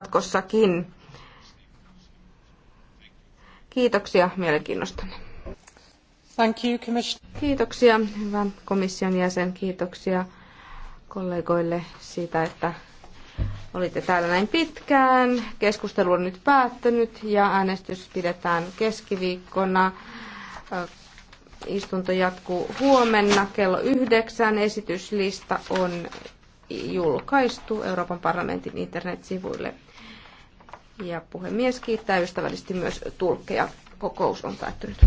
jatkossakin. Kiitoksia mielenkiinnostanne. Thank you, Kiitoksia, hyvä komission jäsen. Kiitoksia kollegoille siitä, että olitte täällä näin pitkään. Keskustelu on nyt päättynyt ja äänestys pidetään keskiviikkona. Äh, istunto jatkuu huomenna kello yhdeksän. Esityslista on julkaistu Euroopan parlamentin internetsivuille. Ja puhemies kiittää ystävällisesti myös tulkkeja. Kokous on päättynyt.